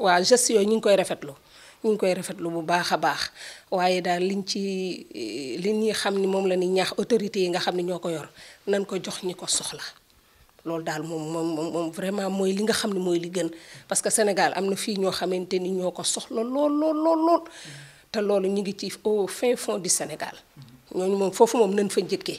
waa gestes yooyu ñu ngi koy rafetlu ñu ngi koy rafetlu bu baax a baax waaye daal liñ ci li ñuy xam ni moom la ñuy ñaax autorités yi nga xam ne ñoo ko yor nañ ko jox ñi ko soxla loolu daal moom moom moom vraiment mooy li nga xam ne mooy li parce que Sénégal am na fii ñoo xamante ni ñoo ko soxla lool lool lool te loolu ñu ngi ci au fin fond du Sénégal ñooñu moom foofu moom nañ fa njëkkee.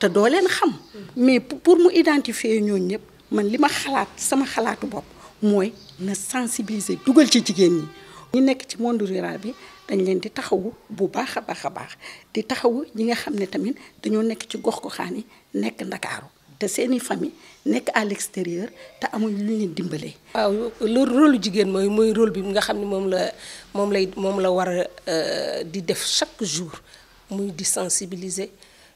te doo leen xam mais pour mu identifier ñooñ ñëpp man li ma xalaat sama xalaatu bopp mooy na sensibiliser dugal ci jigéen ñi ñu nekk ci monde rural bi dañ leen di taxawu bu baax a baax a baax di taxawu ñi nga xam ne tamit dañoo nekk ci gox goxaan yi nekk ndakaaru te seeni famille nekk à l'extérieur te amuñ lu ñu dimbalee. waaw loolu jigéen mooy mooy rôle bi nga xam ni moom la moom lay moom la war a euh, di def chaque jour muy di sensibiliser.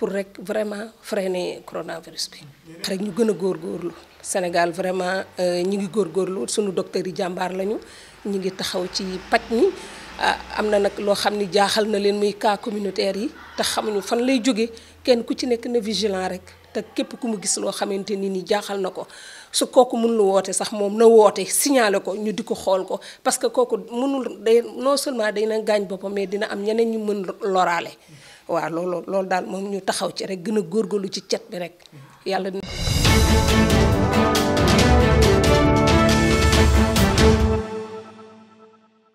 pour rek vraiment freiner coronavirus bi. rek ñu gën a góorlu Sénégal vraiment euh, ñi ngi góor góorlu suñu docteur yi jàmbaar lañu ñi ngi taxaw ci paj mi ah, am na nag loo xam ni jaaxal na leen muy cas communautaire yi te xamuñu fan lay jóge kenn ku ci nekk na vigilant rek te képp ku mu gis loo xamante ni nii jaaxal na ko su kooku mënul woote sax moom na woote signaler ko ñu di ko xool ko parce que kooku mënul day non seulement day na gaañ boppam mais dina am ñeneen ñu mën loraale. waaw loolu loolu daal moom ñu taxaw ci rek gën a góor góorgóorlu ci cet bi rek yàlla